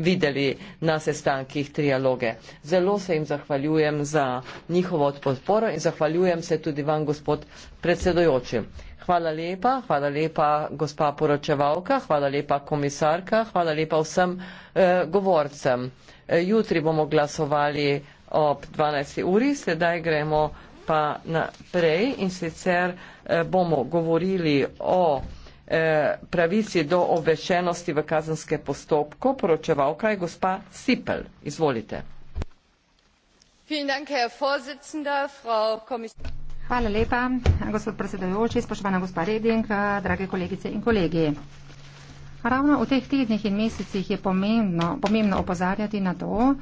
videli na sestankih trialoge. Zelo se jim zahvaljujem za njihovo podporo in zahvaljujem se tudi vam, gospod predsedojoči. Hvala lepa, hvala lepa gospa poročevalka, hvala lepa komisarka, hvala lepa vsem eh, govorcem. Eh, jutri bomo glasovali ob 12. uri, sedaj gremo pa naprej in sicer eh, bomo govorili o Eh, pravici do obveščenosti v kazenske postopko. Poročevalka je gospa Sipel. Izvolite. Hvala lepa, gospod predsedajoči, spoštovana gospa Reding, eh, drage kolegice in kolegi. Ravno v teh tednih in mesecih je pomembno, pomembno opozarjati na to,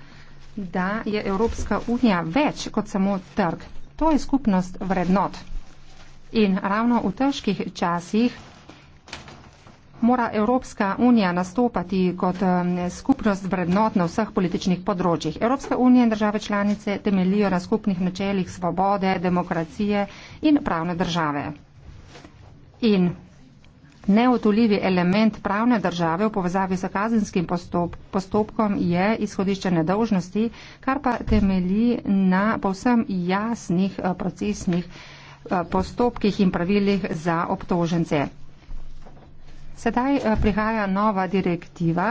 da je Evropska unija več kot samo trg. To je skupnost vrednot. In ravno v težkih časih mora Evropska unija nastopati kot skupnost vrednot na vseh političnih področjih. Evropska unija in države članice temelijo na skupnih načelih svobode, demokracije in pravne države. In neotoljivi element pravne države v povezavi s kazenskim postop postopkom je izhodišče nedolžnosti, kar pa temelji na povsem jasnih eh, procesnih eh, postopkih in pravilih za obtožence. Sedaj eh, prihaja nova direktiva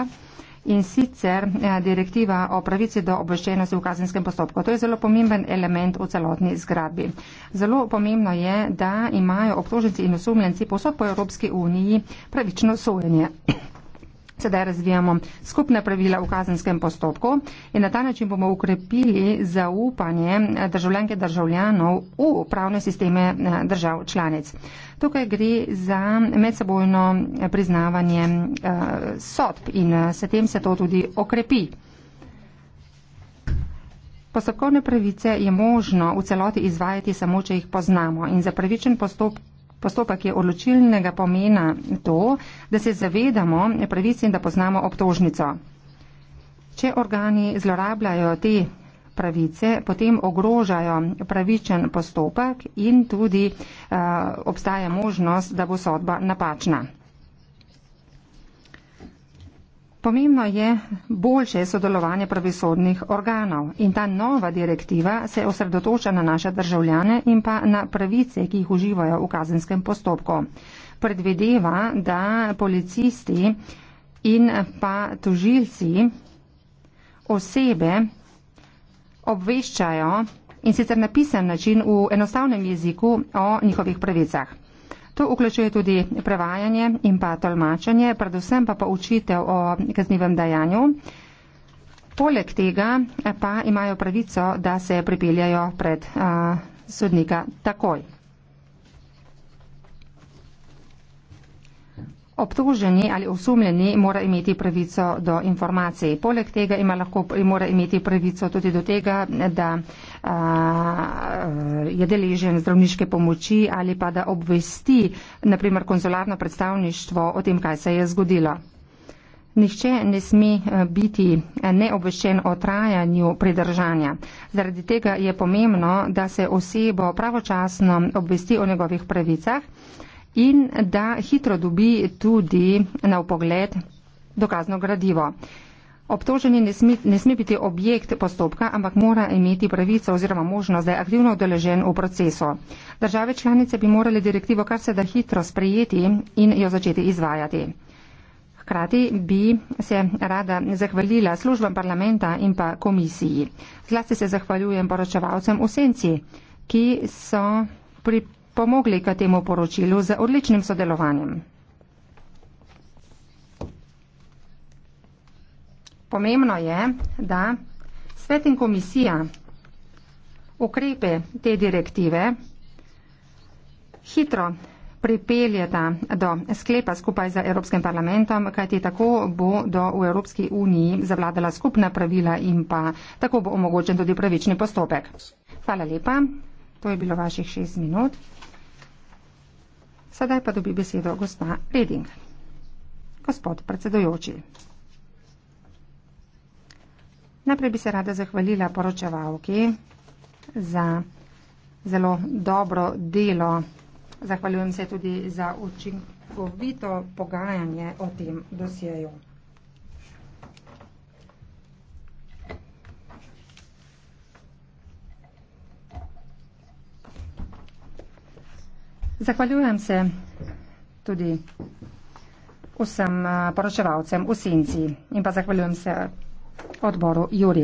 in sicer eh, direktiva o pravici do obveščenosti v kazenskem postopku. To je zelo pomemben element v celotni zgradbi. Zelo pomembno je, da imajo obtoženci in osumljenci posod po Evropski uniji pravično sojenje. Sedaj razvijamo skupne pravila v kazenskem postopku in na ta način bomo ukrepili zaupanje državljanke državljanov v pravne sisteme eh, držav članic. Tukaj gre za medsebojno priznavanje eh, sodb in eh, s tem se to tudi okrepi. Postopkovne pravice je možno v celoti izvajati samo, če jih poznamo in za pravičen postopek Postopek je odločilnega pomena to, da se zavedamo pravice in da poznamo obtožnico. Če organi zlorabljajo te pravice, potem ogrožajo pravičen postopek in tudi uh, obstaja možnost, da bo sodba napačna. Pomembno je boljše sodelovanje pravosodnih organov in ta nova direktiva se osredotoča na naše državljane in pa na pravice, ki jih uživajo v kazenskem postopku. Predvedeva, da policisti in pa tožilci osebe obveščajo in sicer na pisan način v enostavnem jeziku o njihovih pravicah. To vključuje tudi prevajanje in pa tolmačenje, predvsem pa poučitev o kaznivem dajanju. Poleg tega pa imajo pravico, da se pripeljajo pred a, sodnika takoj. Obtoženi ali osumljeni mora imeti pravico do informacij. Poleg tega ima lahko, mora imeti pravico tudi do tega, da a, je deležen zdravniške pomoči ali pa da obvesti, naprimer, konzularno predstavništvo o tem, kaj se je zgodilo. Nihče ne sme biti neobveščen o trajanju pridržanja. Zaradi tega je pomembno, da se osebo pravočasno obvesti o njegovih pravicah in da hitro dobi tudi na upogled dokazno gradivo. Obtoženi ne sme, ne sme biti objekt postopka, ampak mora imeti pravico oziroma možnost, da je aktivno udeležen v procesu. Države članice bi morale direktivo kar se da hitro sprejeti in jo začeti izvajati. Hkrati bi se rada zahvalila službam parlamenta in pa komisiji. Zlasti se zahvaljujem poročevalcem v senci, ki so pri pomogli k temu poročilu z odličnim sodelovanjem. Pomembno je, da svet in komisija ukrepe te direktive hitro pripeljeta do sklepa skupaj z Evropskim parlamentom, kajti tako bo do v Evropski uniji zavladala skupna pravila in pa tako bo omogočen tudi pravični postopek. Hvala lepa. To je bilo vaših šest minut. Sedaj pa dobi besedo gospa Reding. Gospod predsedojoči. Najprej bi se rada zahvalila poročevalki za zelo dobro delo. Zahvaljujem se tudi za učinkovito pogajanje o tem dosjeju. Zahvaljujem se tudi vsem eh, poročevalcem v Sinci in pa zahvaljujem se odboru Juri.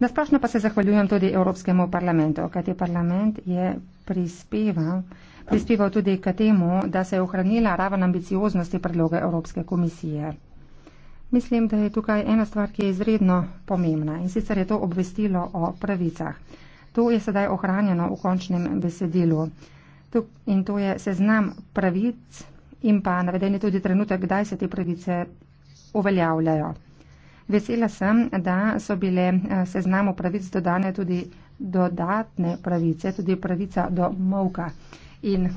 Nasplošno pa se zahvaljujem tudi Evropskemu parlamentu, kajti parlament je prispeval, prispeval tudi k temu, da se je ohranila raven ambicioznosti predloga Evropske komisije. Mislim, da je tukaj ena stvar, ki je izredno pomembna in sicer je to obvestilo o pravicah. To je sedaj ohranjeno v končnem besedilu. In to je seznam pravic in pa navedeni tudi trenutek, kdaj se te pravice uveljavljajo. Vesela sem, da so bile eh, seznamu pravic dodane tudi dodatne pravice, tudi pravica do mavka. In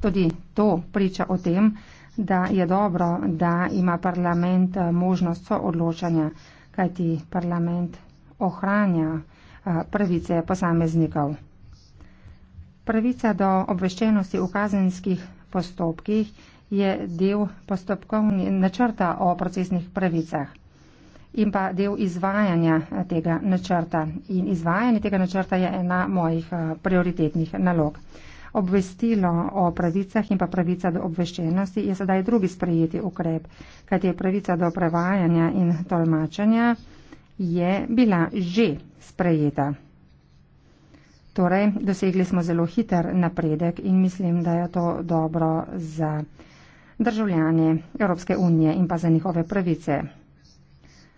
tudi to priča o tem, da je dobro, da ima parlament eh, možnost soodločanja, kajti parlament ohranja eh, pravice posameznikov. Pravica do obveščenosti v kazenskih postopkih je del postopkovnega načrta o procesnih pravicah in pa del izvajanja eh, tega načrta. In izvajanje tega načrta je ena mojih eh, prioritetnih nalog. Obvestilo o pravicah in pa pravica do obveščenosti je sedaj drugi sprejeti ukrep, kajti pravica do prevajanja in tolmačanja je bila že sprejeta. Torej, dosegli smo zelo hiter napredek in mislim, da je to dobro za državljane Evropske unije in pa za njihove pravice.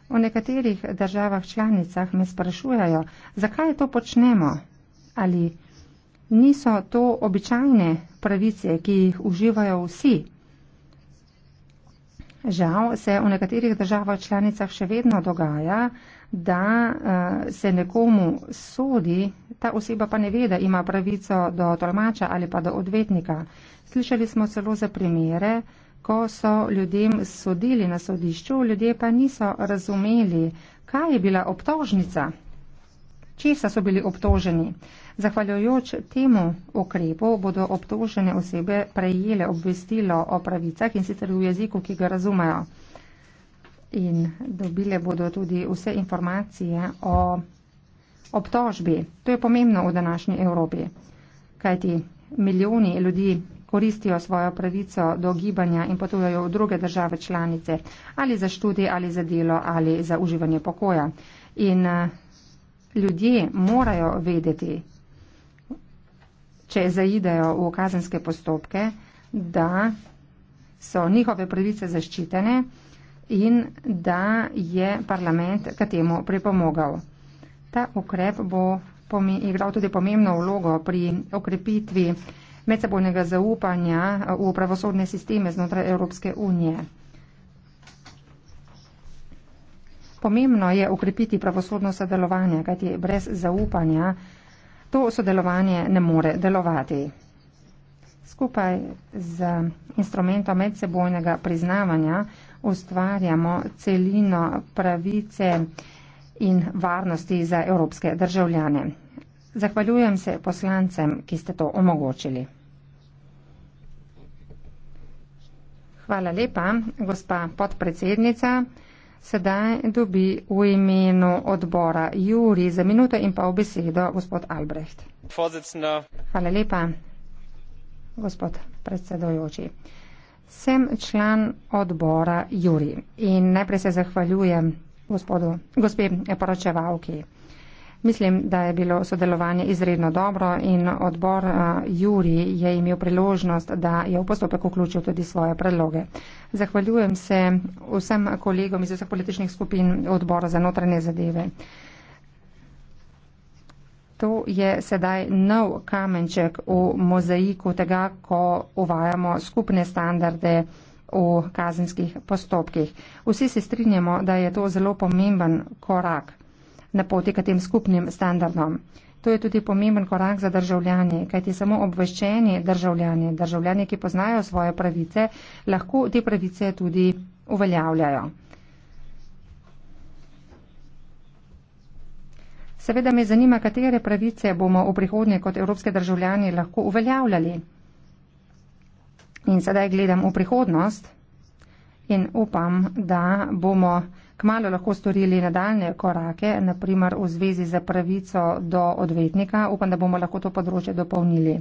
V nekaterih državah članicah me sprašujajo, zakaj to počnemo ali niso to običajne pravice, ki jih uživajo vsi. Žal se v nekaterih državah članicah še vedno dogaja, da uh, se nekomu sodi, ta oseba pa ne ve, da ima pravico do tolmača ali pa do odvetnika. Slišali smo celo za primere, ko so ljudem sodili na sodišču, ljudje pa niso razumeli, kaj je bila obtožnica, česa so bili obtoženi. Zahvaljujoč temu okrepu bodo obtožene osebe prejele obvestilo o pravicah in sicer v jeziku, ki ga razumejo in dobile bodo tudi vse informacije o obtožbi. To je pomembno v današnji Evropi, kajti milijoni ljudi koristijo svojo pravico do gibanja in potujejo v druge države članice ali za študij ali za delo ali za uživanje pokoja. In eh, ljudje morajo vedeti, če zaidejo v kazenske postopke, da so njihove pravice zaščitene in da je parlament k temu pripomogal. Ta ukrep bo igral tudi pomembno vlogo pri okrepitvi medsebojnega zaupanja eh, v pravosodne sisteme znotraj Evropske unije. Pomembno je ukrepiti pravosodno sodelovanje, kajti brez zaupanja to sodelovanje ne more delovati. Skupaj z instrumentom medsebojnega priznavanja ustvarjamo celino pravice in varnosti za evropske državljane. Zahvaljujem se poslancem, ki ste to omogočili. Hvala lepa, gospa podpredsednica. Sedaj dobi v imenu odbora Juri za minuto in pa v besedo gospod Albrecht. Hvala lepa, gospod predsedojoči sem član odbora Juri in najprej se zahvaljujem gospodu, gospe poročevalki. Mislim, da je bilo sodelovanje izredno dobro in odbor Juri je imel priložnost, da je v postopek vključil tudi svoje predloge. Zahvaljujem se vsem kolegom iz vseh političnih skupin odbora za notranje zadeve to je sedaj nov kamenček v mozaiku tega, ko uvajamo skupne standarde v kazenskih postopkih. Vsi se strinjamo, da je to zelo pomemben korak na poti k tem skupnim standardom. To je tudi pomemben korak za državljanje, kajti samo obveščeni državljani, državljani, ki poznajo svoje pravice, lahko te pravice tudi uveljavljajo. Seveda me zanima, katere pravice bomo v prihodnje kot evropske državljani lahko uveljavljali. In sedaj gledam v prihodnost in upam, da bomo kmalo lahko storili nadaljne korake, naprimer v zvezi za pravico do odvetnika. Upam, da bomo lahko to področje dopolnili.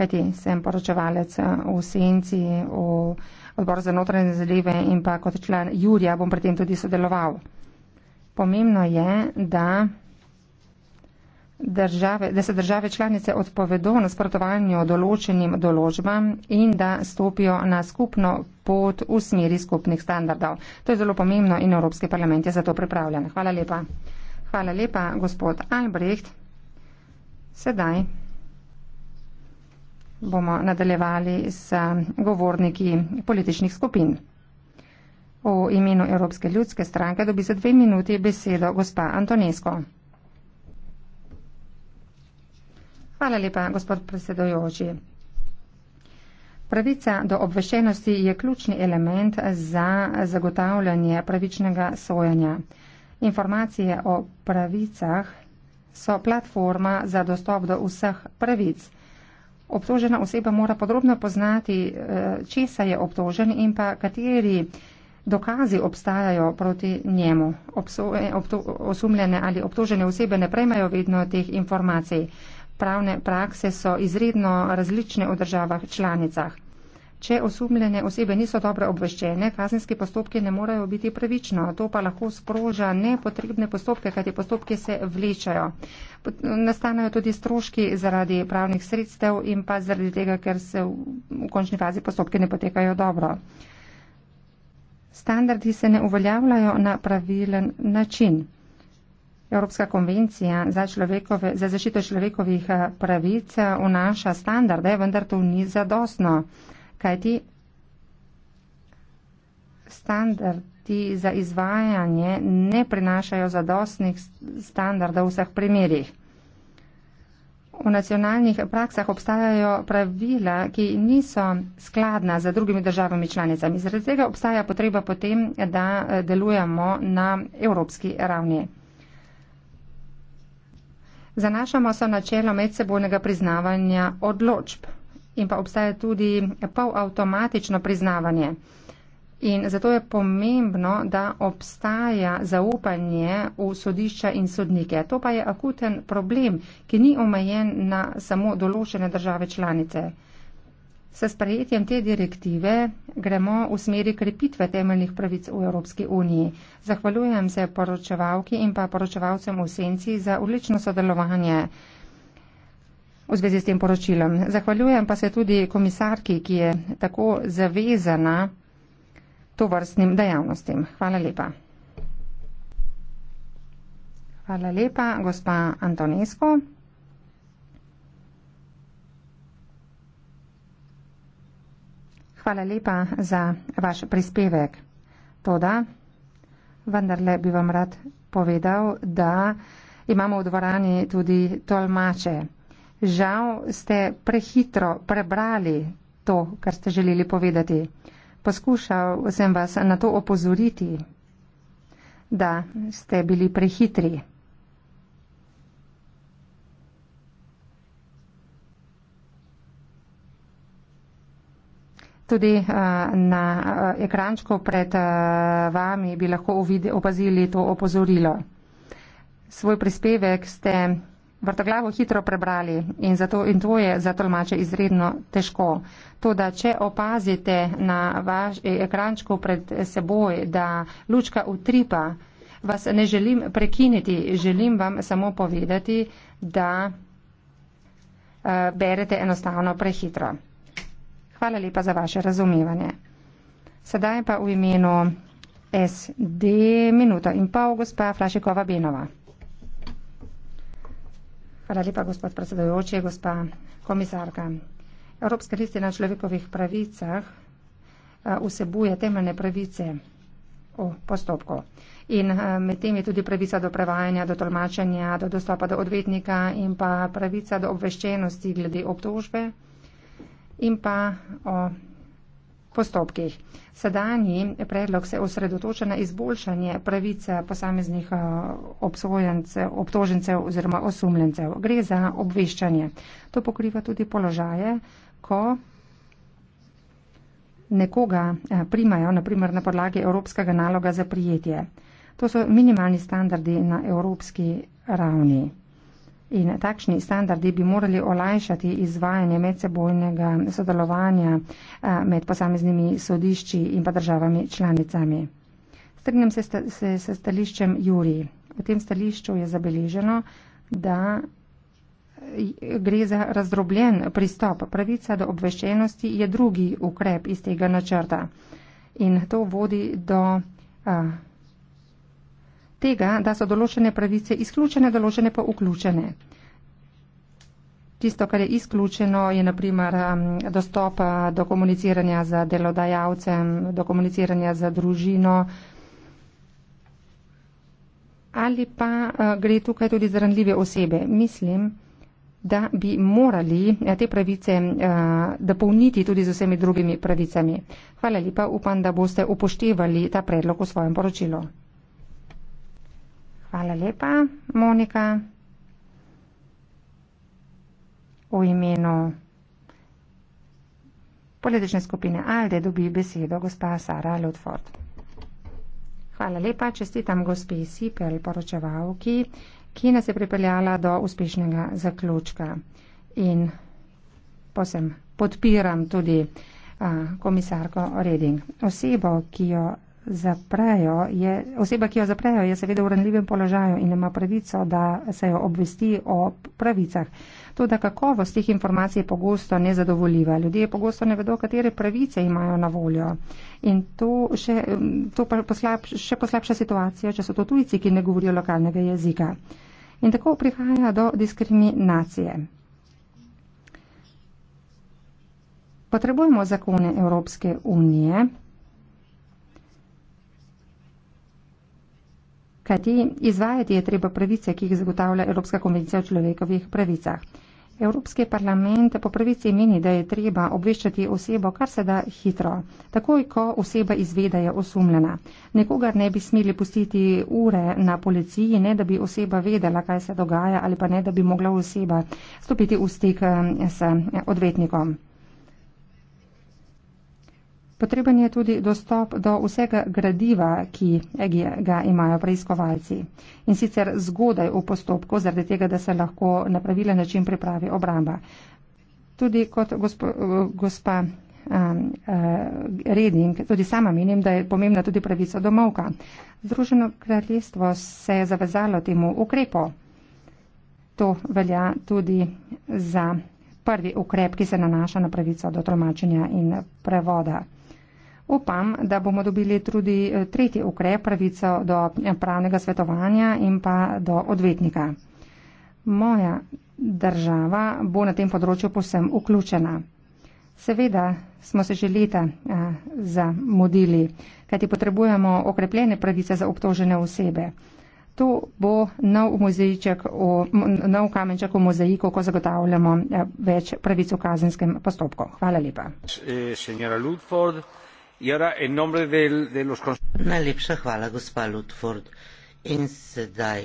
Kajti sem poročevalec v Senci, v odboru za notranje zadeve in pa kot član Jurija bom pri tem tudi sodeloval. Pomembno je, da države, da se države članice odpovedo na sprotovanju določenim določbam in da stopijo na skupno pot v smeri skupnih standardov. To je zelo pomembno in Evropski parlament je za to pripravljen. Hvala lepa. Hvala lepa, gospod Albrecht. Sedaj bomo nadaljevali s govorniki političnih skupin. V imenu Evropske ljudske stranke dobi za dve minuti besedo gospa Antonesko. Hvala lepa, gospod predsedojoči. Pravica do obveščenosti je ključni element za zagotavljanje pravičnega sojanja. Informacije o pravicah so platforma za dostop do vseh pravic. Obtožena oseba mora podrobno poznati, eh, česa je obtožen in pa kateri dokazi obstajajo proti njemu. Obso, obto, osumljene ali obtožene osebe ne prejmajo vedno teh informacij pravne prakse so izredno različne v državah članicah. Če osumljene osebe niso dobro obveščene, kazenski postopki ne morejo biti pravično. To pa lahko sproža nepotrebne postopke, kajti postopke se vlečajo. Nastanajo tudi stroški zaradi pravnih sredstev in pa zaradi tega, ker se v končni fazi postopke ne potekajo dobro. Standardi se ne uveljavljajo na pravilen način. Evropska konvencija za, človekove, za zašito človekovih eh, pravic eh, vnaša standarde, vendar to ni zadostno, kajti standardi za izvajanje ne prinašajo zadostnih standardov v vseh primerjih. V nacionalnih praksah obstajajo pravila, ki niso skladna z drugimi državami članicami. Zaradi tega obstaja potreba potem, da eh, delujemo na evropski ravni. Zanašamo se na načelo medsebojnega priznavanja odločb in pa obstaja tudi polavtomatično priznavanje. In zato je pomembno, da obstaja zaupanje v sodišča in sodnike. To pa je akuten problem, ki ni omejen na samo določene države članice. S sprejetjem te direktive gremo v smeri krepitve temeljnih pravic v Evropski uniji. Zahvaljujem se poročevalki in pa poročevalcem v senci za ulično sodelovanje v zvezi s tem poročilom. Zahvaljujem pa se tudi komisarki, ki je tako zavezana to vrstnim dejavnostim. Hvala lepa. Hvala lepa, gospa Antonesko. hvala lepa za vaš prispevek. Toda, vendarle bi vam rad povedal, da imamo v dvorani tudi tolmače. Žal ste prehitro prebrali to, kar ste želeli povedati. Poskušal sem vas na to opozoriti, da ste bili prehitri. Tudi eh, na eh, ekrančku pred eh, vami bi lahko opazili to opozorilo. Svoj prispevek ste vrtoglavo hitro prebrali in, zato, in to je za tolmače izredno težko. To, da če opazite na vaš e, ekrančku pred seboj, da lučka utripa, vas ne želim prekiniti, želim vam samo povedati, da berete enostavno prehitro. Hvala lepa za vaše razumevanje. Sedaj pa v imenu SD minuta in pol gospa Flašikova Benova. Hvala lepa, gospod predsedojoči, gospa komisarka. Evropska listina o človekovih pravicah eh, vsebuje temeljne pravice v postopku. In eh, med tem je tudi pravica do prevajanja, do tolmačenja, do dostopa do odvetnika in pa pravica do obveščenosti glede obtožbe in pa o postopkih. Sedanji predlog se osredotoča na izboljšanje pravice posameznih eh, obtožencev oziroma osumljencev. Gre za obveščanje. To pokriva tudi položaje, ko nekoga eh, primajo, naprimer na podlagi evropskega naloga za prijetje. To so minimalni standardi na evropski ravni. In takšni standardi bi morali olajšati izvajanje medsebojnega sodelovanja eh, med posameznimi sodišči in pa državami članicami. Strinjam se, se, se stališčem Juri. V tem stališču je zabeleženo, da eh, gre za razdrobljen pristop. Pravica do obveščenosti je drugi ukrep iz tega načrta. In to vodi do. Uh, tega, da so določene pravice izključene, določene pa vključene. Tisto, kar je izključeno, je naprimer um, dostop do komuniciranja z delodajalcem, do komuniciranja z družino. Ali pa uh, gre tukaj tudi za ranljive osebe. Mislim, da bi morali eh, te pravice eh, dopolniti tudi z vsemi drugimi pravicami. Hvala lepa, upam, da boste upoštevali ta predlog v svojem poročilu. Hvala lepa, Monika. V imenu politične skupine Alde dobi besedo gospa Sara Ludford. Hvala lepa, čestitam gospe Sipel, poročevalki, ki nas je pripeljala do uspešnega zaključka. In posem podpiram tudi a, komisarko Reding. Osebo, ki jo zaprejo, je, oseba, ki jo zaprejo, je seveda v ranljivem položaju in ima pravico, da se jo obvesti o pravicah. To, da kakovost teh informacij je pogosto nezadovoljiva. Ljudje pogosto ne vedo, katere pravice imajo na voljo. In to še, to poslab, še poslabša situacijo, če so to tujci, ki ne govorijo lokalnega jezika. In tako prihaja do diskriminacije. Potrebujemo zakone Evropske unije, Kajti izvajati je treba pravice, ki jih zagotavlja Evropska konvencija o človekovih pravicah. Evropski parlament po pravici meni, da je treba obveščati osebo kar se da hitro, takoj ko oseba izveda je osumljena. Nekoga ne bi smeli pustiti ure na policiji, ne da bi oseba vedela, kaj se dogaja ali pa ne da bi mogla oseba stopiti v stik eh, s eh, odvetnikom. Potreben je tudi dostop do vsega gradiva, ki ga imajo preiskovalci. In sicer zgodaj v postopku, zaradi tega, da se lahko na pravilen način pripravi obramba. Tudi kot gospo, gospa um, uh, Reding, tudi sama menim, da je pomembna tudi pravica domovka. Združeno kraljestvo se je zavezalo temu ukrepu. To velja tudi za prvi ukrep, ki se nanaša na pravico do tolmačenja in prevoda. Upam, da bomo dobili tudi eh, tretji ukrep pravico do eh, pravnega svetovanja in pa do odvetnika. Moja država bo na tem področju posem vključena. Seveda smo se že leta eh, zamudili, kajti potrebujemo okrepljene pravice za obtožene osebe. To bo nov, v, nov kamenček v mozaiku, ko zagotavljamo več pravic v kazenskem postopku. Hvala lepa. E, Najlepša hvala, gospa Ludford. In sedaj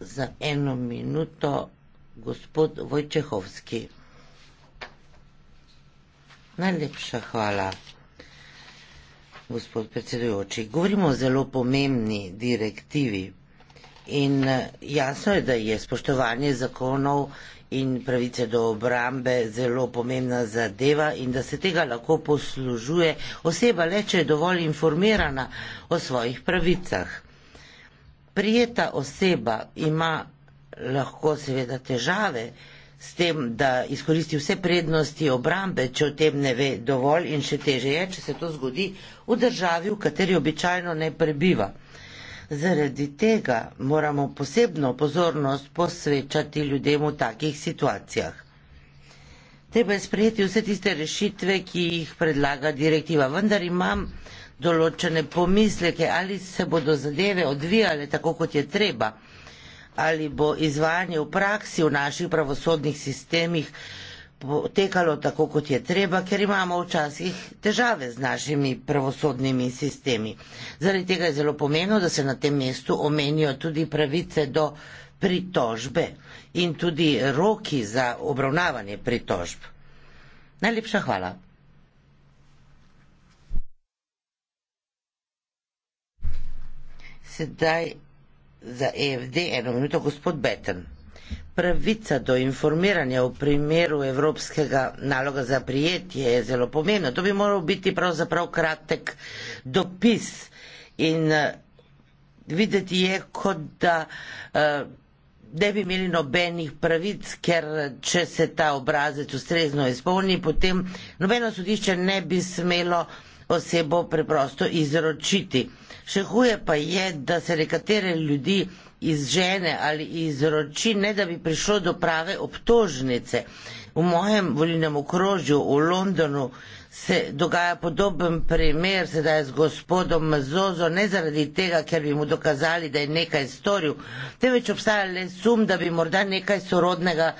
za eno minuto gospod Vojčehovski. Najlepša hvala, gospod predsedujoči. Govorimo o zelo pomembni direktivi. In eh, jasno je, da je spoštovanje zakonov in pravice do obrambe zelo pomembna zadeva in da se tega lahko poslužuje oseba le, če je dovolj informirana o svojih pravicah. Prijeta oseba ima lahko seveda težave s tem, da izkoristi vse prednosti obrambe, če o tem ne ve dovolj in še teže je, če se to zgodi v državi, v kateri običajno ne prebiva. Zaradi tega moramo posebno pozornost posvečati ljudem v takih situacijah. Treba je sprejeti vse tiste rešitve, ki jih predlaga direktiva. Vendar imam določene pomisleke, ali se bodo zadeve odvijale tako, kot je treba, ali bo izvajanje v praksi v naših pravosodnih sistemih potekalo tako, kot je treba, ker imamo včasih težave z našimi pravosodnimi sistemi. Zaradi tega je zelo pomembno, da se na tem mestu omenijo tudi pravice do pritožbe in tudi roki za obravnavanje pritožb. Najlepša hvala. Sedaj za EFD eno minuto, gospod Beten. Pravica do informiranja v primeru evropskega naloga za prijetje je zelo pomembna. To bi moral biti pravzaprav kratek dopis in eh, videti je, kot da eh, ne bi imeli nobenih pravic, ker če se ta obrazec ustrezno izpolni, potem nobeno sodišče ne bi smelo osebo preprosto izročiti. Še huje pa je, da se nekatere ljudi izžene ali izroči, ne da bi prišlo do prave obtožnice. V mojem volilnem okrožju v Londonu se dogaja podoben primer sedaj z gospodom Zozo, ne zaradi tega, ker bi mu dokazali, da je nekaj storil, temveč obstaja le sum, da bi morda nekaj sorodnega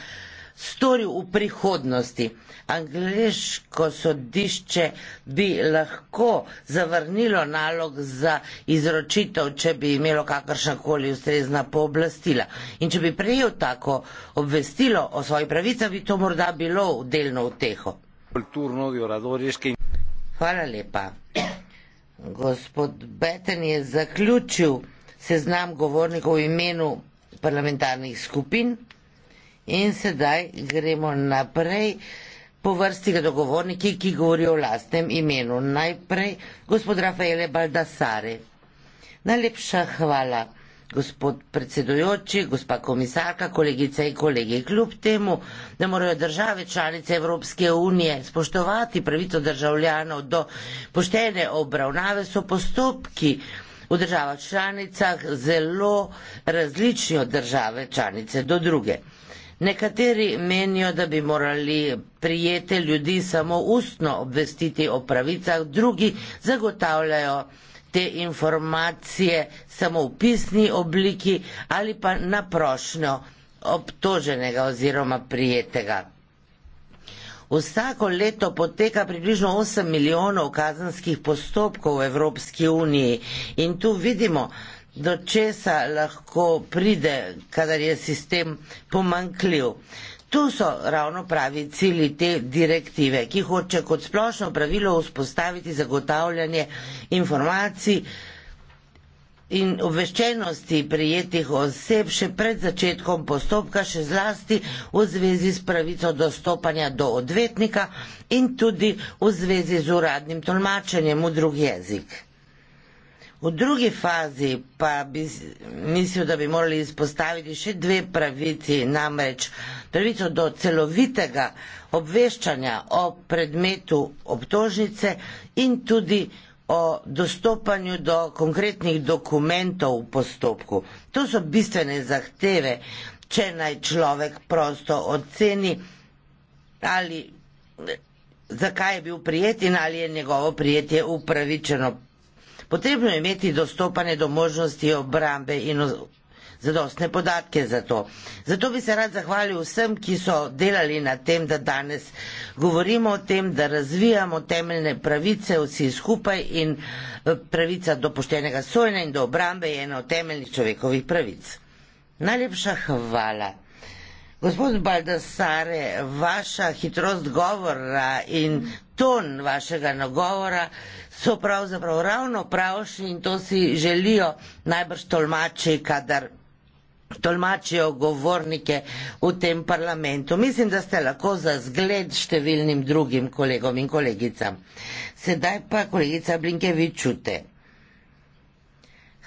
storil v prihodnosti. Angliško sodišče bi lahko zavrnilo nalog za izročitev, če bi imelo kakršnakoli ustrezna pooblastila. In če bi prejel tako obvestilo o svoji pravici, bi to morda bilo delno uteho. Hvala lepa. Gospod Beten je zaključil seznam govornikov v imenu parlamentarnih skupin. In sedaj gremo naprej po vrsti dogovorniki, ki govorijo o lastnem imenu. Najprej gospod Rafaele Baldassare. Najlepša hvala, gospod predsedujoči, gospa komisarka, kolegice in kolegi. Kljub temu, da morajo države članice Evropske unije spoštovati pravico državljanov do poštene obravnave, so postopki v državah članicah zelo različni od države članice do druge. Nekateri menijo, da bi morali prijete ljudi samo ustno obvestiti o pravicah, drugi zagotavljajo te informacije samo v pisni obliki ali pa na prošnjo obtoženega oziroma prijetega. Vsako leto poteka približno 8 milijonov kazanskih postopkov v Evropski uniji in tu vidimo, da do česa lahko pride, kadar je sistem pomankljiv. Tu so ravno pravi cilji te direktive, ki hoče kot splošno pravilo vzpostaviti zagotavljanje informacij in obveščenosti prijetih oseb še pred začetkom postopka, še zlasti v zvezi s pravico dostopanja do odvetnika in tudi v zvezi z uradnim tolmačenjem v drug jezik. V drugi fazi pa bi mislil, da bi morali izpostaviti še dve pravici, namreč pravico do celovitega obveščanja o predmetu obtožnice in tudi o dostopanju do konkretnih dokumentov v postopku. To so bistvene zahteve, če naj človek prosto oceni, ali zakaj je bil prijet in ali je njegovo prijetje upravičeno Potrebno je imeti dostopanje do možnosti obrambe in zadostne podatke za to. Zato bi se rad zahvalil vsem, ki so delali na tem, da danes govorimo o tem, da razvijamo temeljne pravice vsi skupaj in eh, pravica do poštenega sojenja in do obrambe je ena od temeljnih človekovih pravic. Najlepša hvala. Gospod Baldassare, vaša hitrost govora in ton vašega nagovora so pravzaprav ravno pravši in to si želijo najbrž tolmači, kadar tolmačijo govornike v tem parlamentu. Mislim, da ste lahko za zgled številnim drugim kolegom in kolegicam. Sedaj pa kolegica Blinke, vi čute.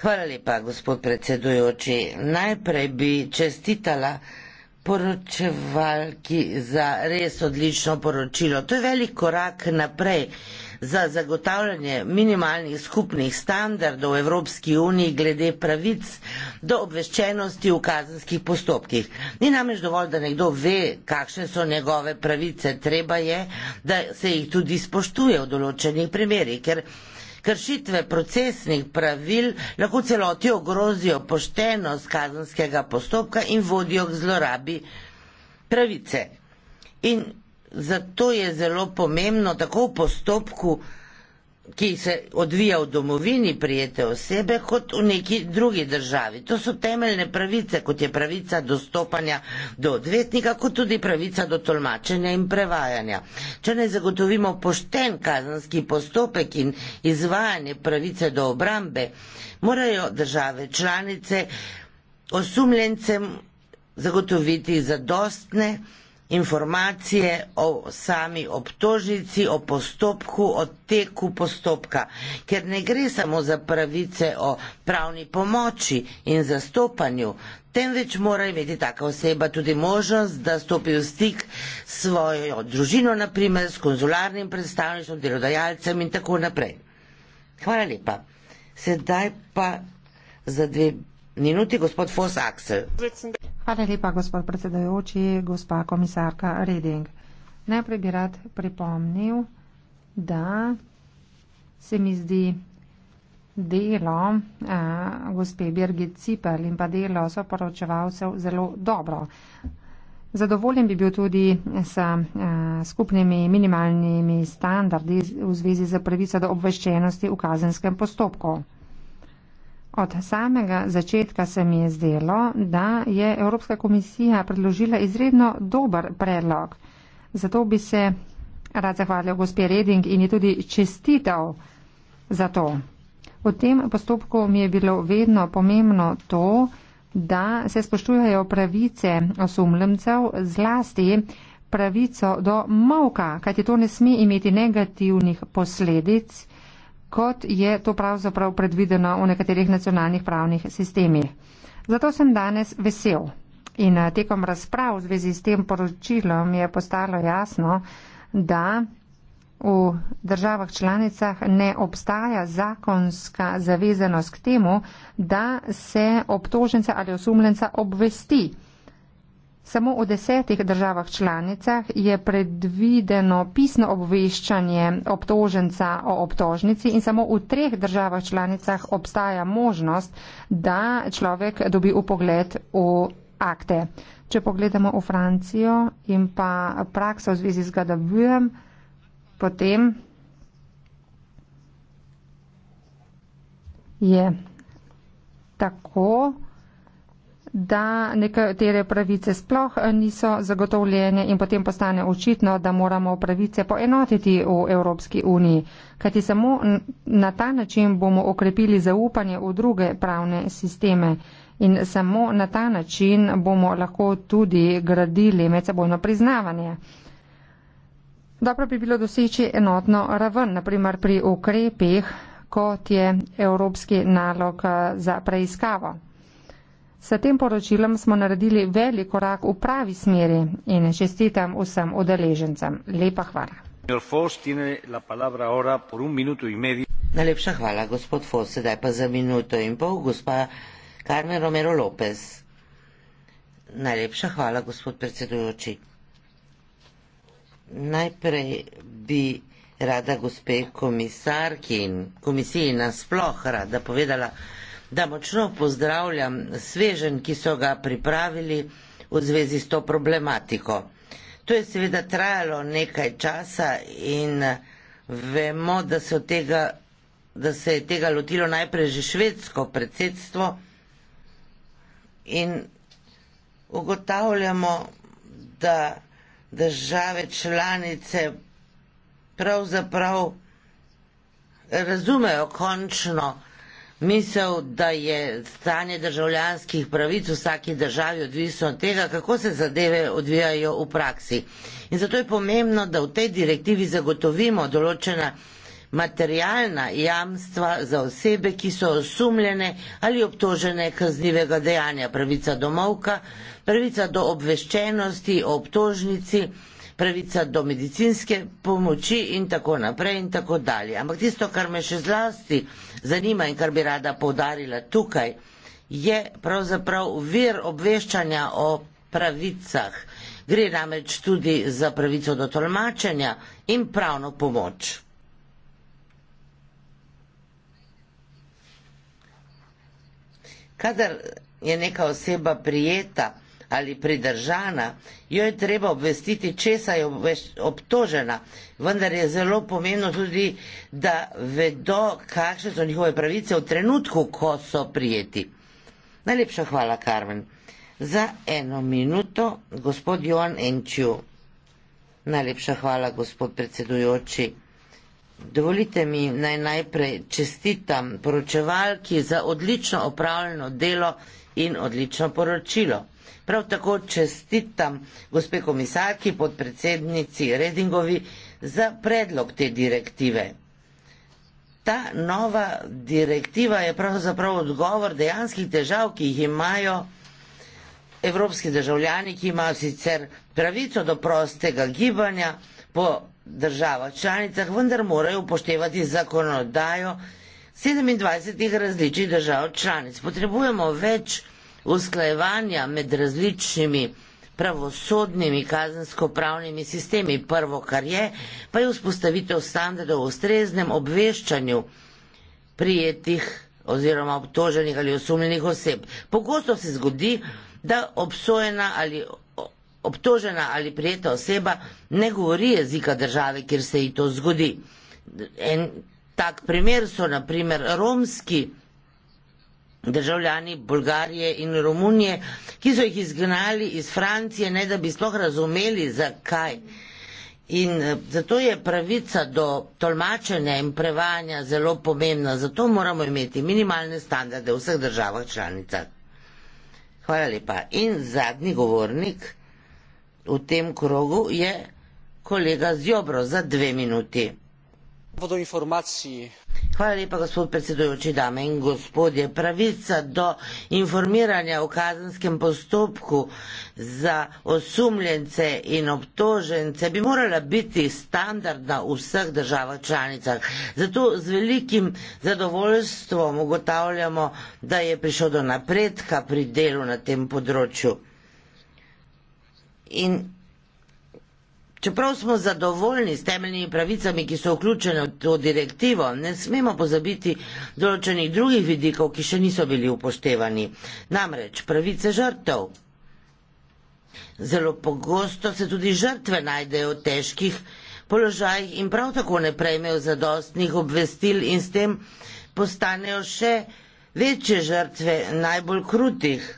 Hvala lepa, gospod predsedujoči. Najprej bi čestitala poročevalki za res odlično poročilo. To je velik korak naprej za zagotavljanje minimalnih skupnih standardov v Evropski uniji glede pravic do obveščenosti v kazenskih postopkih. Ni namreč dovolj, da nekdo ve, kakšne so njegove pravice, treba je, da se jih tudi spoštuje v določenih primerih, ker kršitve procesnih pravil lahko celoti ogrozijo poštenost kazanskega postopka in vodijo k zlorabi pravice. In zato je zelo pomembno tako v postopku ki se odvija v domovini prijete osebe, kot v neki drugi državi. To so temeljne pravice, kot je pravica dostopanja do odvetnika, kot tudi pravica do tolmačenja in prevajanja. Če ne zagotovimo pošten kazanski postopek in izvajanje pravice do obrambe, morajo države članice osumljencem zagotoviti zadostne pravice, informacije o sami obtožnici, o postopku, o teku postopka, ker ne gre samo za pravice o pravni pomoči in zastopanju, temveč mora imeti taka oseba tudi možnost, da stopi v stik s svojo družino, naprimer s konzularnim predstavništvom, delodajalcem in tako naprej. Hvala lepa. Sedaj pa za dve Minuti, gospod Fos Axel. Hvala lepa, gospod predsedajoči, gospa komisarka Reding. Najprej bi rad pripomnil, da se mi zdi delo a, gospe Birgit Cipel in pa delo soporočevalcev zelo dobro. Zadovoljen bi bil tudi s skupnimi minimalnimi standardi v zvezi z pravico do obveščenosti v kazenskem postopku. Od samega začetka se mi je zdelo, da je Evropska komisija predložila izredno dober predlog. Zato bi se rad zahvalil gospe Reding in ji tudi čestitev za to. V tem postopku mi je bilo vedno pomembno to, da se spoštujejo pravice osumljencev zlasti pravico do mavka, kajti to ne sme imeti negativnih posledic kot je to pravzaprav predvideno v nekaterih nacionalnih pravnih sistemih. Zato sem danes vesel. In eh, tekom razprav v zvezi s tem poročilom je postalo jasno, da v državah članicah ne obstaja zakonska zavezanost k temu, da se obtoženca ali osumljenca obvesti Samo v desetih državah članicah je predvideno pisno obveščanje obtoženca o obtožnici in samo v treh državah članicah obstaja možnost, da človek dobi upogled v akte. Če pogledamo v Francijo in pa prakso v zvezi z GDV-em, potem je tako, da nekatere pravice sploh eh, niso zagotovljene in potem postane očitno, da moramo pravice poenotiti v Evropski uniji, kajti samo na ta način bomo okrepili zaupanje v druge pravne sisteme in samo na ta način bomo lahko tudi gradili medsebojno priznavanje. Dobro bi bilo doseči enotno raven, naprimer pri ukrepih, kot je evropski nalog eh, za preiskavo. S tem poročilom smo naredili velik korak v pravi smeri in čestitam vsem udeležencem. Lepa hvala. Najlepša hvala, gospod Fos, sedaj pa za minuto in pol, gospa Carmen Romero Lopez. Najlepša hvala, gospod predsedujoči. Najprej bi rada gospe komisarki in komisiji nasploh rada povedala, da močno pozdravljam svežen, ki so ga pripravili v zvezi s to problematiko. To je seveda trajalo nekaj časa in vemo, da se, tega, da se je tega lotilo najprej že švedsko predsedstvo in ugotavljamo, da države članice pravzaprav razumejo končno, misel, da je stanje državljanskih pravic v vsaki državi odvisno od tega, kako se zadeve odvijajo v praksi. In zato je pomembno, da v tej direktivi zagotovimo določena materialna jamstva za osebe, ki so osumljene ali obtožene kaznivega dejanja, pravica do molka, pravica do obveščenosti, obtožnici, pravica do medicinske pomoči in tako naprej in tako dalje. Ampak tisto, kar me še zlasti zanima in kar bi rada povdarila tukaj, je pravzaprav vir obveščanja o pravicah. Gre namreč tudi za pravico do tolmačenja in pravno pomoč. Kadar je neka oseba prijeta, ali pridržana, jo je treba obvestiti, česa je obtožena. Vendar je zelo pomembno tudi, da vedo, kakšne so njihove pravice v trenutku, ko so prijeti. Najlepša hvala, Karmen. Za eno minuto, gospod Joan Enčiu. Najlepša hvala, gospod predsedujoči. Dovolite mi naj najprej čestitam poročevalki za odlično opravljeno delo in odlično poročilo. Prav tako čestitam gospe komisarki podpredsednici Redingovi za predlog te direktive. Ta nova direktiva je pravzaprav odgovor dejanskih težav, ki jih imajo evropski državljani, ki imajo sicer pravico do prostega gibanja po državah članicah vendar morajo upoštevati zakonodajo 27 različnih držav članic. Potrebujemo več usklajevanja med različnimi pravosodnimi kazensko-pravnimi sistemi. Prvo, kar je, pa je vzpostavitev standardov v ustreznem obveščanju prijetih oziroma obtoženih ali osumljenih oseb. Pogosto se zgodi, da obsojena ali obtožena ali prijeta oseba ne govori jezika države, kjer se ji to zgodi. En tak primer so naprimer romski državljani Bulgarije in Romunije, ki so jih izgnali iz Francije, ne da bi sploh razumeli, zakaj. In eh, zato je pravica do tolmačenja in prevajanja zelo pomembna. Zato moramo imeti minimalne standarde v vseh državah članicah. Hvala lepa. In zadnji govornik v tem krogu je kolega Zjobro za dve minuti. Bodo informaciji. Hvala lepa, gospod predsedujoči dame in gospodje. Pravica do informiranja v kazenskem postopku za osumljence in obtožence bi morala biti standardna v vseh državah članicah. Zato z velikim zadovoljstvom ugotavljamo, da je prišlo do napredka pri delu na tem področju. In čeprav smo zadovoljni s temeljnimi pravicami, ki so vključene v to direktivo, ne smemo pozabiti določenih drugih vidikov, ki še niso bili upoštevani. Namreč pravice žrtev. Zelo pogosto se tudi žrtve najdejo v težkih položajih in prav tako ne prejmejo zadostnih obvestil in s tem postanejo še večje žrtve najbolj krutih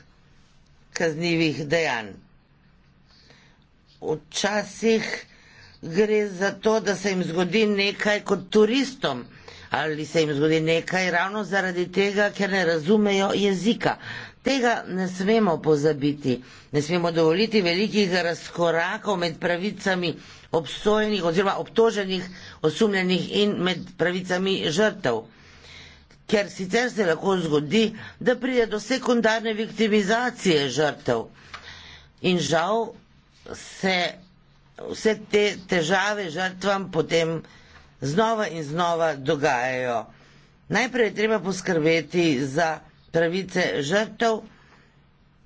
kaznivih dejanj včasih gre za to, da se jim zgodi nekaj kot turistom ali se jim zgodi nekaj ravno zaradi tega, ker ne razumejo jezika. Tega ne smemo pozabiti, ne smemo dovoliti velikih razkorakov med pravicami obsojenih oziroma obtoženih, osumljenih in med pravicami žrtev. Ker sicer se lahko zgodi, da pride do sekundarne viktimizacije žrtev. In žal se vse te težave žrtvam potem znova in znova dogajajo. Najprej je treba poskrbeti za pravice žrtev,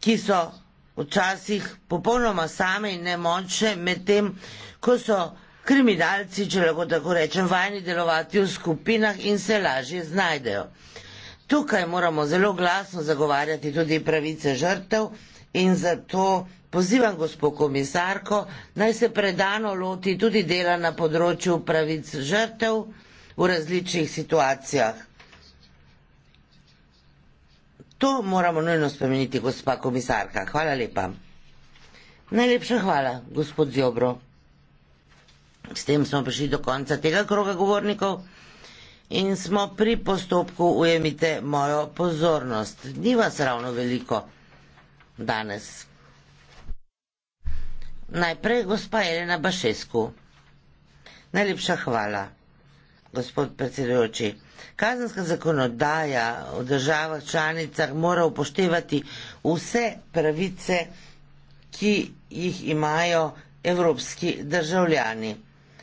ki so včasih popolnoma same in nemočne, medtem ko so kriminalci, če lahko tako rečem, vajni delovati v skupinah in se lažje znajdejo. Tukaj moramo zelo glasno zagovarjati tudi pravice žrtev in zato Pozivam gospo komisarko, naj se predano loti tudi dela na področju pravic žrtev v različnih situacijah. To moramo nujno spremeniti, gospa komisarka. Hvala lepa. Najlepša hvala, gospod Zjobro. S tem smo prišli do konca tega kroga govornikov in smo pri postopku ujemite mojo pozornost. Ni vas ravno veliko danes. Najprej gospa Elena Bašesku. Najlepša hvala, gospod predsedujoči. Kazenska zakonodaja v državah članicah mora upoštevati vse pravice, ki jih imajo evropski državljani.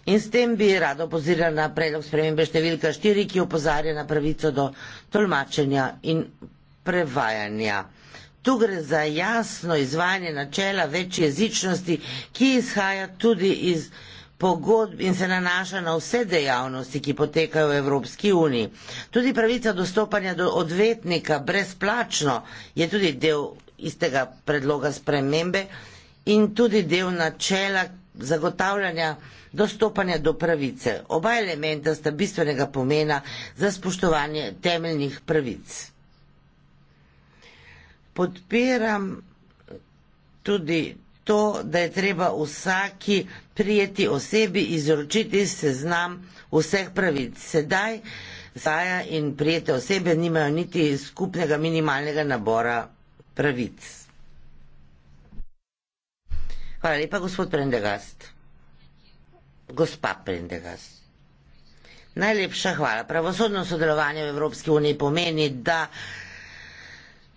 In s tem bi rada opozirala na predlog spremembe številka 4, ki opozarja na pravico do tolmačenja in prevajanja. Tu gre za jasno izvajanje načela večjezičnosti, ki izhaja tudi iz pogodb in se nanaša na vse dejavnosti, ki potekajo v Evropski uniji. Tudi pravica dostopanja do odvetnika brezplačno je tudi del istega predloga spremembe in tudi del načela zagotavljanja dostopanja do pravice. Oba elementa sta bistvenega pomena za spoštovanje temeljnih pravic podpiram tudi to, da je treba vsaki prijeti osebi izročiti seznam vseh pravic. Sedaj saja in prijete osebe nimajo niti skupnega minimalnega nabora pravic. Hvala lepa, gospod Prendegast. Gospa Prendegast. Najlepša hvala. Pravosodno sodelovanje v Evropski uniji pomeni, da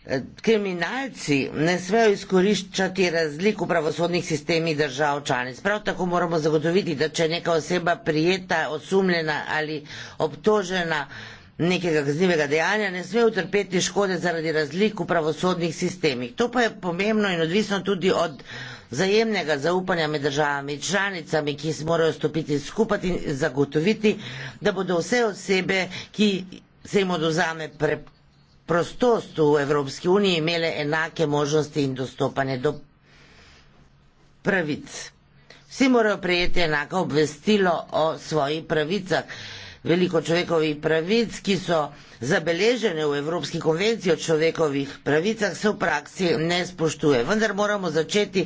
Eh, kriminalci ne smejo izkoriščati razlik v pravosodnih sistemih držav članic. Prav tako moramo zagotoviti, da če je neka oseba prijeta, osumljena ali obtožena nekega kaznivega dejanja, ne sme utrpeti škode zaradi razlik v pravosodnih sistemih. To pa je pomembno in odvisno tudi od zajemnega zaupanja med državami in članicami, ki se morajo stopiti skupaj in zagotoviti, da bodo vse osebe, ki se jim oduzame prepoved, prostost v Evropski uniji imele enake možnosti in dostopanje do pravic. Vsi morajo prejeti enako obvestilo o svojih pravicah. Veliko človekovih pravic, ki so zabeležene v Evropski konvenciji o človekovih pravicah, se v praksi ne spoštuje. Vendar moramo začeti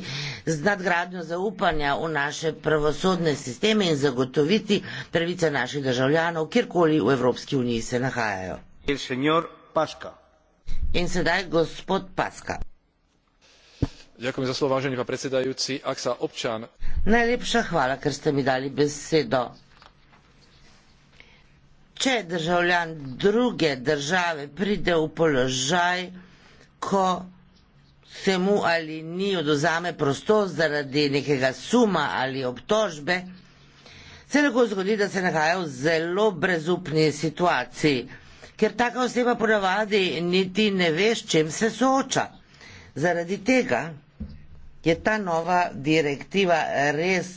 z nadgradnjo zaupanja v naše pravosodne sisteme in zagotoviti pravice naših državljanov, kjerkoli v Evropski uniji se nahajajo. Paška. In sedaj gospod Paska. Ďakujem za slovo, vážený pán predsedajúci. Ak sa občan... Najlepša chvála, ker ste mi dali besedo. Če državljan druge države pride v položaj, ko se mu ali ni odozame prostost zaradi nekega suma ali obtožbe, se lahko zgodi, da se nahaja v zelo brezupni situaciji ker taka oseba ponavadi niti ne ve, s čem se sooča. Zaradi tega je ta nova direktiva res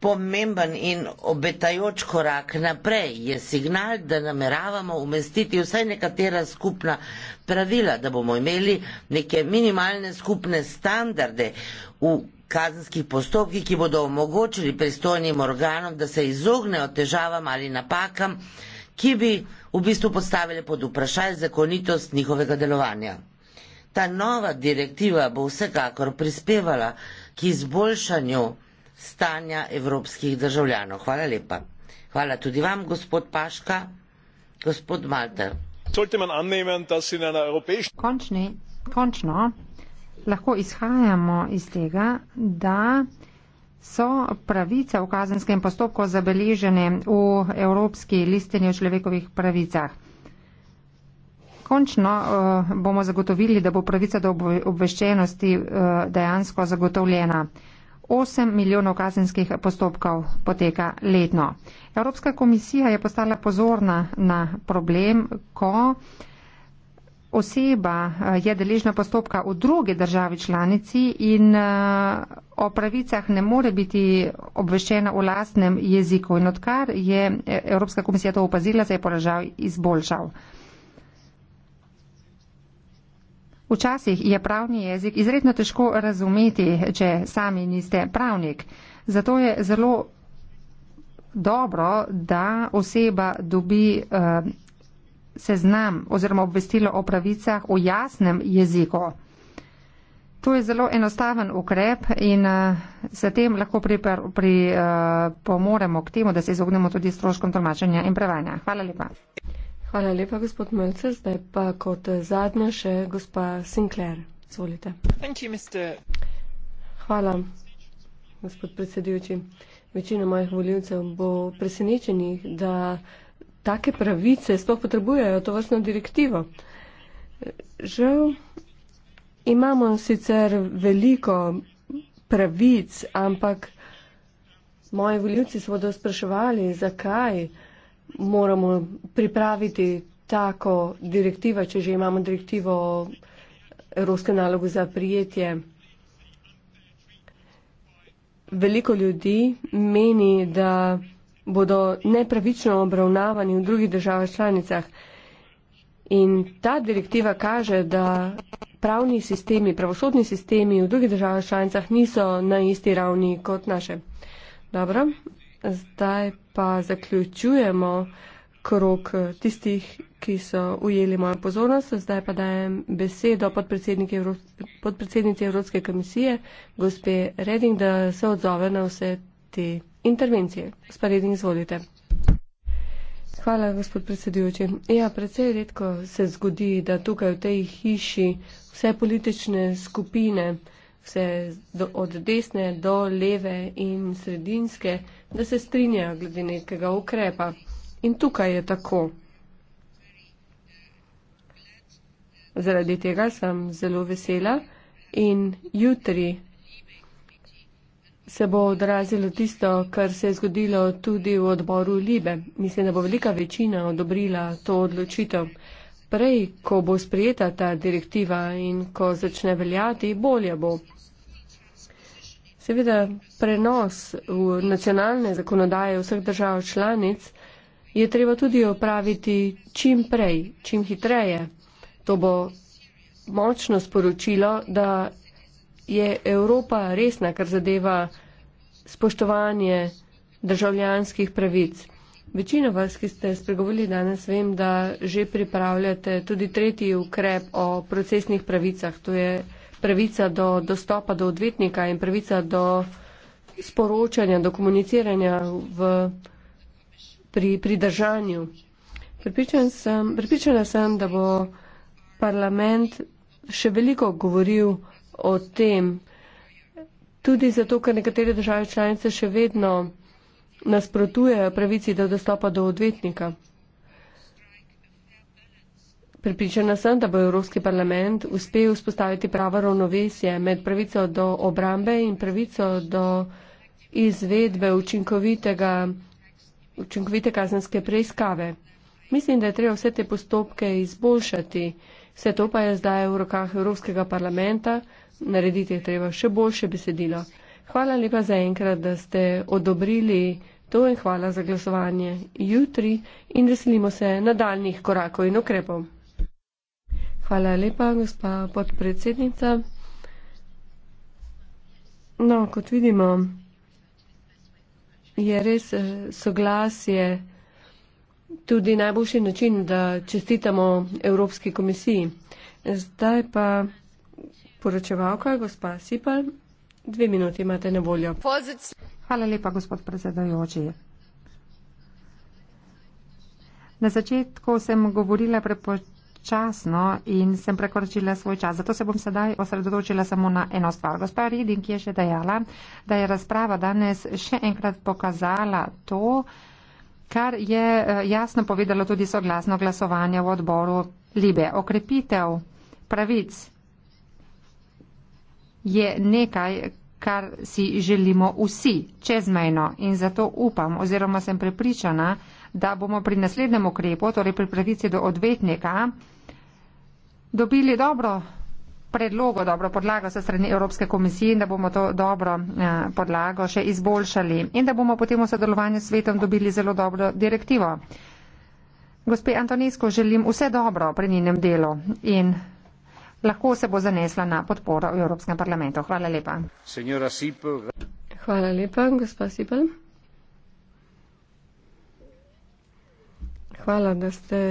pomemben in obetajoč korak naprej. Je signal, da nameravamo umestiti vsaj nekatera skupna pravila, da bomo imeli neke minimalne skupne standarde v kazenskih postopkih, ki bodo omogočili pristojnim organom, da se izognejo težavam ali napakam, ki bi v bistvu postavili pod vprašanje zakonitost njihovega delovanja. Ta nova direktiva bo vsekakor prispevala k izboljšanju stanja evropskih državljanov. Hvala lepa. Hvala tudi vam, gospod Paška, gospod Malter. Končno lahko izhajamo iz tega, da so pravice v kazenskem postopku zabeležene v Evropski listini o človekovih pravicah. Končno uh, bomo zagotovili, da bo pravica do obveščenosti uh, dejansko zagotovljena. 8 milijonov kazenskih postopkov poteka letno. Evropska komisija je postala pozorna na problem, ko uh, oseba eh, je deležna postopka v drugi državi članici in eh, o pravicah ne more biti obveščena v lastnem jeziku. In odkar je eh, Evropska komisija to opazila, se je položaj izboljšal. Včasih je pravni jezik izredno težko razumeti, če sami niste pravnik. Zato je zelo dobro, da oseba dobi uh, seznam oziroma obvestilo o pravicah v jasnem jeziku. To je zelo enostaven ukrep in uh, s tem lahko pripomoremo pri, uh, k temu, da se izognemo tudi stroškom tolmačenja in prevajanja. Hvala lepa. Hvala lepa, gospod Melcer. Zdaj pa kot eh, zadnja še gospa Sinclair. Zvolite. Hvala, gospod predsedujoči. Večina mojih voljivcev bo presenečenih, da take pravice sploh potrebujejo to vrstno direktivo. Žal imamo sicer veliko pravic, ampak moji voljivci so bodo spraševali, zakaj moramo pripraviti tako direktivo, če že imamo direktivo o evropskem nalogu za prijetje. Veliko ljudi meni, da bodo nepravično obravnavani v drugih državah članicah. In ta direktiva kaže, da pravni sistemi, pravosodni sistemi v drugih državah članicah niso na isti ravni kot naše. Dobro, zdaj pa zaključujemo krok tistih, ki so ujeli mojo pozornost. Zdaj pa dajem besedo podpredsednici Evropske komisije, gospe Reding, da se odzove na vse te. Intervencije. Sparedin, izvolite. Hvala, gospod predsedujoči. Ja, precej redko se zgodi, da tukaj v tej hiši vse politične skupine, vse do, od desne do leve in sredinske, da se strinjajo glede nekega ukrepa. In tukaj je tako. Zaradi tega sem zelo vesela in jutri se bo odrazilo tisto, kar se je zgodilo tudi v odboru Libe. Mislim, da bo velika večina odobrila to odločitev. Prej, ko bo sprijeta ta direktiva in ko začne veljati, bolje bo. Seveda, prenos v nacionalne zakonodaje vseh držav članic je treba tudi opraviti čim prej, čim hitreje. To bo močno sporočilo, da je Evropa resna, kar zadeva spoštovanje državljanskih pravic. Večino vas, ki ste spregovorili danes, vem, da že pripravljate tudi tretji ukrep o procesnih pravicah. To je pravica do dostopa do odvetnika in pravica do sporočanja, do komuniciranja v, pri pridržanju. Pripričan sem, pripričana sem, da bo parlament še veliko govoril o tem. Tudi zato, ker nekatere države članice še vedno nasprotujejo pravici do dostopa do odvetnika. Pripričana sem, da bo Evropski parlament uspel vzpostaviti pravo ravnovesje med pravico do obrambe in pravico do izvedbe učinkovitega, učinkovite kazenske preiskave. Mislim, da je treba vse te postopke izboljšati. Vse to pa je zdaj v rokah Evropskega parlamenta, narediti je treba še boljše besedilo. Hvala lepa za enkrat, da ste odobrili to in hvala za glasovanje jutri in veselimo se nadaljnih korakov in ukrepov. Hvala lepa, gospa podpredsednica. No, kot vidimo, je res eh, soglasje tudi najboljši način, da čestitamo Evropski komisiji. Zdaj pa. Poročevalka, gospa Sipal, dve minuti imate na voljo. Pozic. Hvala lepa, gospod predsedajoči. Na začetku sem govorila prepočasno in sem prekoračila svoj čas, zato se bom sedaj osredotočila samo na eno stvar. Gospa Reding je še dejala, da je razprava danes še enkrat pokazala to, kar je eh, jasno povedalo tudi soglasno glasovanje v odboru Libe. Okrepitev pravic je nekaj, kar si želimo vsi čezmejno in zato upam oziroma sem prepričana, da bomo pri naslednjem ukrepu, torej pri pravici do odvetnika, dobili dobro predlogo, dobro podlago se strani Evropske komisije in da bomo to dobro eh, podlago še izboljšali in da bomo potem v sodelovanju s svetom dobili zelo dobro direktivo. Gospe Antonijsko, želim vse dobro pri njenem delu in lahko se bo zanesla na podporo v Evropskem parlamentu. Hvala lepa. Sipel, Hvala lepa, gospa Sipel. Hvala, da ste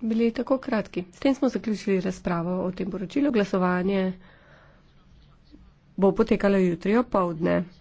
bili tako kratki. S tem smo zaključili razpravo o tem poročilu. Glasovanje bo potekalo jutri opovdne.